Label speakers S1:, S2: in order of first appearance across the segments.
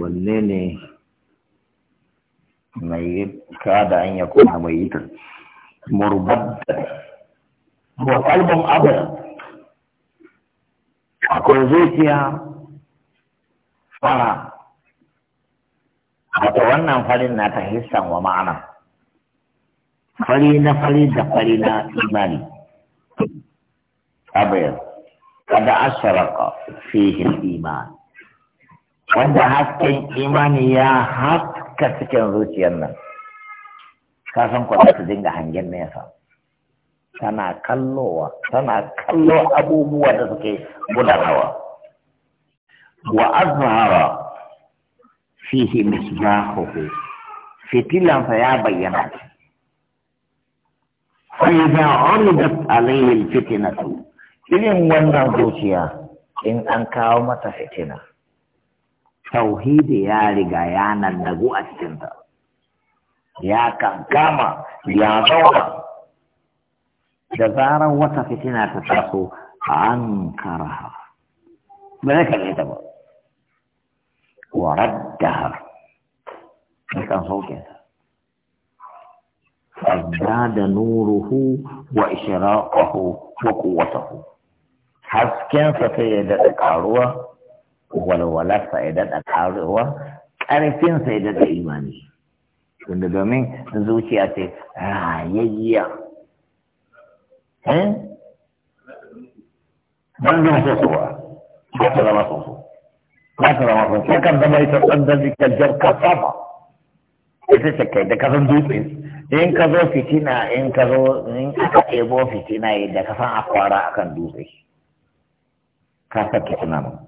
S1: wanne ne mai kada an ya koma mai yi ta? murbadda wa kalbin abin akwai zuciya fara wata wannan farin na ta hissan wa ma'ana fari na fari da fari na imani abin kada asharaka fihin imani wanda hasken imani ya haska cikin zuciyar nan ka san su dinga hangen nesa tana kallowa tana kallo abubuwa da suke gudanawa wa azhara fihi misbahuhu fitilansa ya bayyana fa idza uridat alayhi alfitnatu irin wannan zuciya in an kawo mata fitina tauhidi ya riga ya nannagu a cikinta ya kankama ya zauna da zarar wata fitina ta taso an karaha ba zai kalle ta ba wa raddaha kan sauke ta فازداد نوره وإشراقه وقوته حسكن فتيدت قاروة walwalarsa ya daɗa ƙaruwa ƙarfinsa ya daɗa imani tunda domin zuciya ce rayayya eh? ban zama sosowa ba ta zama soso ba ta zama soso sai kan zama ita tsandar jikin jar ba ita ce kai da kasan dutse in ka zo fitina in ka zo in aka ebo fitina yadda kasan akwara akan dutse ka san fitina mu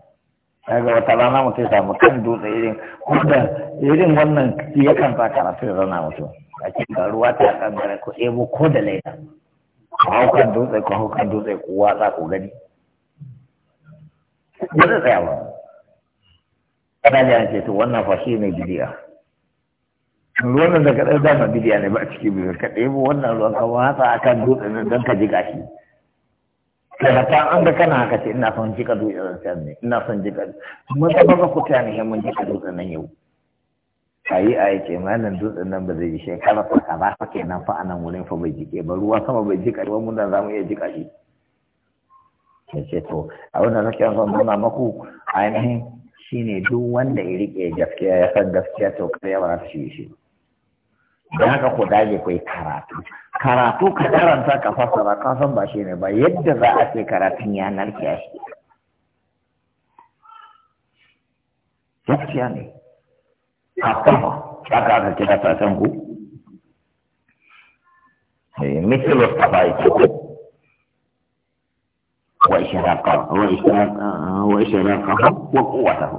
S1: daga wata rana mutum ya samu kan dutse irin kudan irin wannan ya kan sa karatu ya zauna mutum a cikin ruwa ta kangare ko ebo ko da laida ku hau kan dutse ku hau kan dutse ko watsa ku gani ba zai tsaya ba ana jiya ce to wannan fa shi ne bidiya ruwan daga ɗaya dama bidiya ne ba a cikin bidiya ka ɗebo wannan ruwan ka watsa a kan dutse don ka ji gashi daga ta an ga kana haka ce ina son jika dutsen can ne ina son jika mun ta baka kuta ne mun jika dutsen nan yau ayi ayi ce malam dutsen nan ba zai yi shekara fa ka ba fa nan fa anan wurin fa bai jike ba ruwa sama bai jika ruwa mun za zamu iya jika shi ya ce to a wannan nake son nuna maku ainihin shine duk wanda ya rike gaskiya ya san gaskiya to kai ya ba ta shi shi dan haka ku dage ku yi karatu karatu ka karanta ka fasara ka san ba shi ne ba yadda za a ce karatun yanar kiya shi gaskiya ne ka kafa aka aka kira sasan ku eh misal wasafa yake ko wa ishraqa wa ishraqa wa ishraqa wa quwwatahu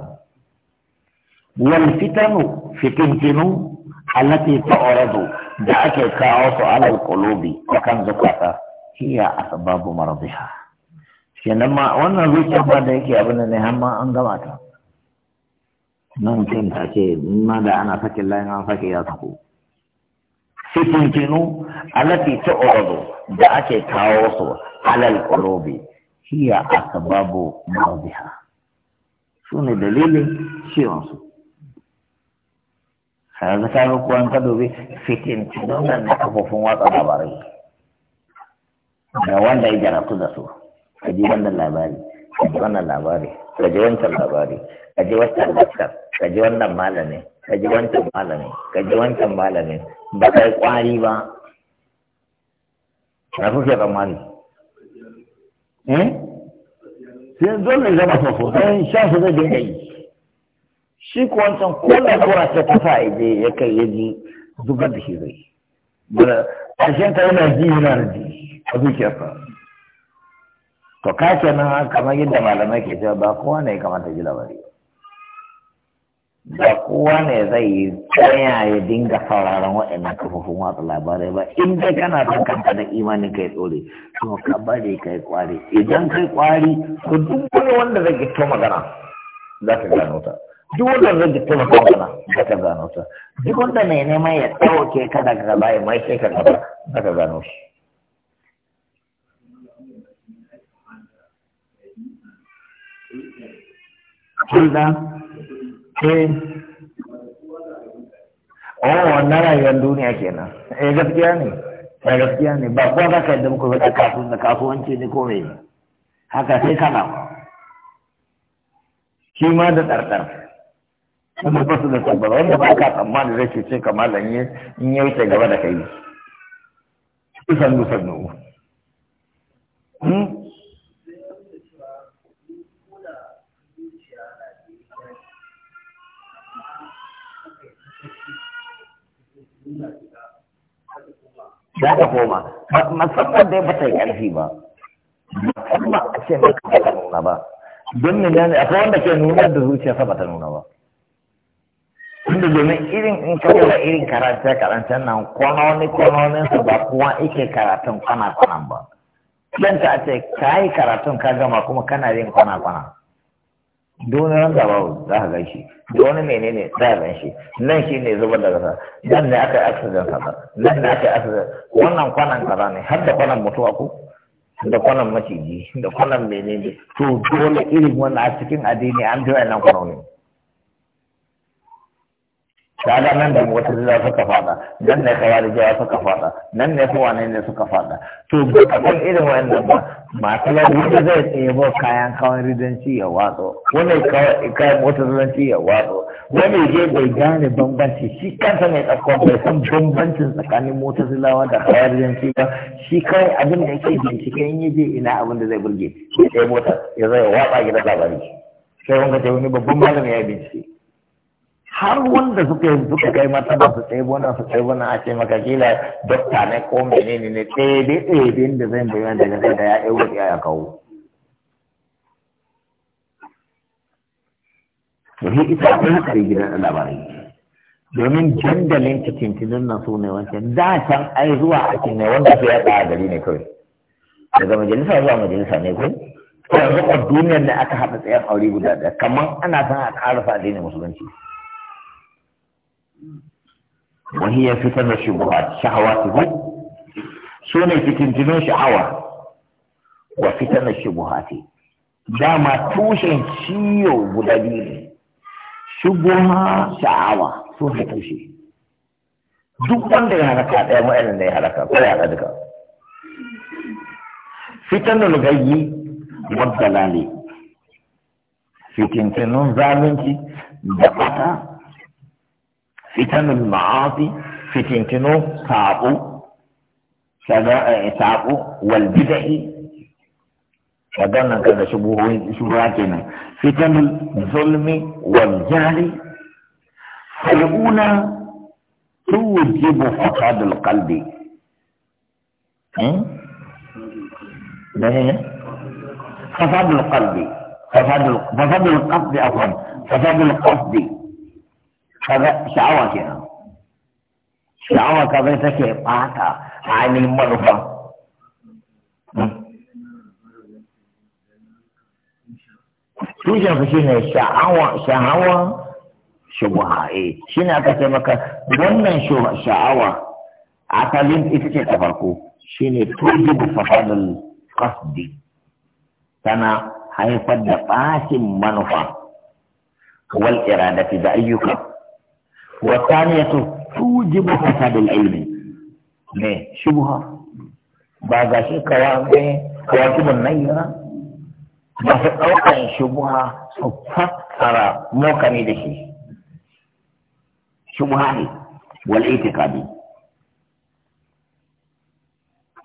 S1: wal fitanu fitintinu allati ta'radu da ake kawo su alal a kan zukata hiya asbabu maradiha kenan ma wannan zuciya ba da yake abin ne har an gama ta nan mutum ta ce ma da ana sakin layin an sake ya sako fitintinu alati ta orodo da ake kawo su alal a hiya mara biya. su ne dalilin ciwon su sai ka ga kuwan ka dobe fitin tunan da kafofin watsa labarai da wanda ya jaratu da su ka ji wannan labari ka ji wannan labari ka ji wancan labari ka ji wancan laskar ka ji wannan malami ka ji wancan malami ka ji wancan malami ba kai kwari ba na kuke tsammani eh sai dole zama sosai sai su zai dinga yi shi ko wancan ko lalura ce ta sa je ya kai ya ji zubar da shi zai ƙarshen ta yana ji yana ji a zuciyarsa to ka nan kamar yadda malamai ke cewa ba kowa ne ya kamata ji labari ba kowa ne zai yi tsaya ya dinga sauraron waɗannan kafofin watsa labarai ba in dai kana son kanka da imanin kai tsore to ka bari kai kwari idan kai kwari to duk wani wanda zai to magana za ka gano ta duk wannan rage taimaka mana za ka gano ta duk wanda mai neman ya tsawoke ka daga gaba ya mai sai ka gaba za ka gano shi Hulɗa, eh, oh, wannan rayuwar duniya kenan, eh gaskiya ne, eh gaskiya ne, ba kuwa za yadda muku faɗa kasu da kasuwanci ne ko mai haka sai kana, shi ma da tsartsar. kuma ba su da tabbara wanda ba ka tsammani zai cin ka malam in ya wuce gaba da kai sannu sannu hmm?
S2: Ya ta koma musamman dai ba
S1: ta yi ƙarfi ba musamman a ce ba ta nuna ba don ne akwai wanda ke nuna da zuciya sama ta nuna ba tunda domin irin in ka kalla irin karanta karancen nan kwanoni kwanonin su ba kuwa ike karatun kwana kwana ba dan ta ce yi karatun ka gama kuma kana yin kwana kwana dole nan da bawo za ka shi? da wani menene za ka shi? nan shi ne zubar da kasa nan ne aka yi accident kaza nan ne aka yi accident wannan kwanan kaza ne har da kwanan mutuwa ko da kwanan maciji da kwanan menene to dole irin wannan a cikin addini an nan kwanan ne. kaga nan da zuwa suka fada nan ne jawa suka fada nan ne wane ne suka fada to ba ka san irin wannan ba matsalar wanda zai tsebo kayan kawarijanci ya wani kayan mu'tazilanci ya wato wani je bai gane bambanci shi kansa mai tsakon bai san bambancin tsakanin zilawa da kawarijanci ba shi kai abin da yake bincike in yaje ina abin da zai burge ya tsebo ya zai watsa gida labari sai wanda wani babban malami ya bincike har wanda suka suka kai mata ba su tsaye wannan su tsaye wannan a ce maka kila dokta ne ko menene ne tsaye dai tsaye dai da zan bayyana daga kai da ya wuri ya kawo domin ita akwai hatsari gidan labarai domin dandalin tintinin na su ne wancan da can ai zuwa a cikin ne wanda su ya a gari ne kawai daga majalisa zuwa majalisa ne Kuma yanzu a duniyar ne aka haɗa tsayen aure guda ɗaya kamar ana san a ƙarasa addinin musulunci وهي فتن الشبهات شهواته سوني فتن جنون شعوة وفتن الشبهات guda توشن شيو بدبير sha'awa شعوة سوني توشي duk wanda ya halaka ɗaya ma'anin da ya halaka ko ya duka fitan da lugayi wadda lale fitintinun zalunci da ɓata فتن المعاصي فتن فتنتنو صعبوا صعبوا آه، والبدع فقالنا كذا شبوه شبهاتنا فتن الظلم والجهل فالأولى توجب فقد القلب ده فساد القلب فساد القصد عفوا فساد القصد kaga sha'awa kenan sha'awa kaga take bata ainihin manufa tushen fa shine sha'awa sha'awa shubha eh shine aka ce maka wannan sha'awa asalin ita ce ta farko shine tujibu fasadul qasdi tana haifar da ɓacin manufa wal iradati da ayyuka والثانية توجب فساد العلم ne shubha ba ga shi kawakibin nan yana ba su ɗaukan shubha su fassara mokami da shi shubha ne wal itikadi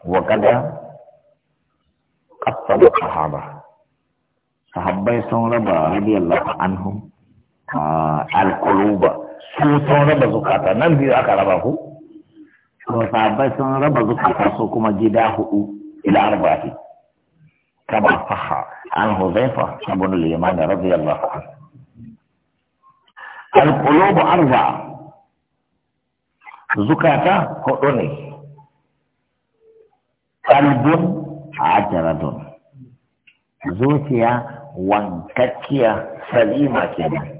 S1: wa kada qasamu sahaba sahabbai sun raba radiyallahu anhum al-quluba su sun raba zukata nan biyu aka raba ku to sahabbai sun raba zukata su kuma gida hudu ila arba'ati kama faha an huzaifa ibn al-yaman radiyallahu anhu al-qulub Arba zukata hudu ne qalbun ajaradun zuciya wankakkiya salima kenan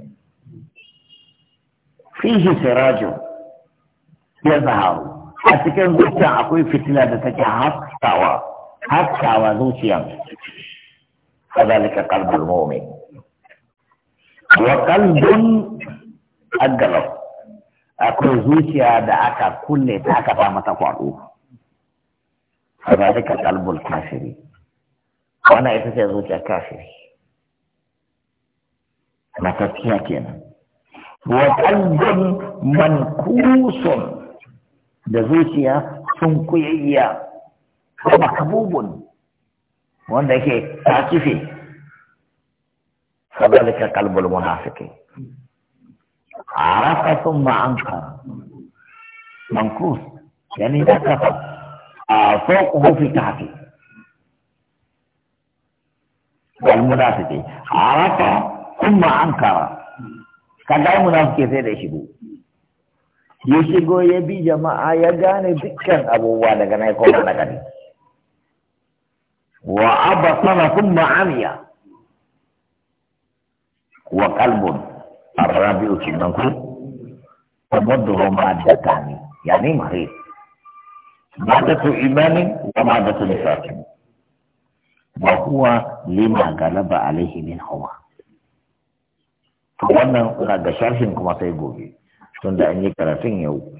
S1: fihi sirajun ya zaharu a cikin zuciya akwai fitila da take haskawa haskawa zuciya kazalika qalbul mu'min wa qalbun aggalab akwai zuciya da aka kulle ta aka ba mata kwado kazalika qalbul kafiri wannan ita ce zuciya kafiri matacciya kenan wa qalbun mankusun da zuciya sun kuyayya kuma kabubun wanda yake takife kadhalika qalbul munafiqi arafa thumma ankara mankus yani takafa فوقه su كهفه والمنافق عرف ثم انكر kaga ai munafiki sai da shigo ya shigo ya bi jama'a ya gane dukkan abubuwa daga nan kuma na gani wa abasana thumma amiya wa qalbun arabiu kinan ku tawaddu madatani yani mari madatu imani wa madatu nifaqi wa huwa lima galaba alaihi min hawa to wannan ina ga sharhin kuma sai gobe tunda an yi karatun yau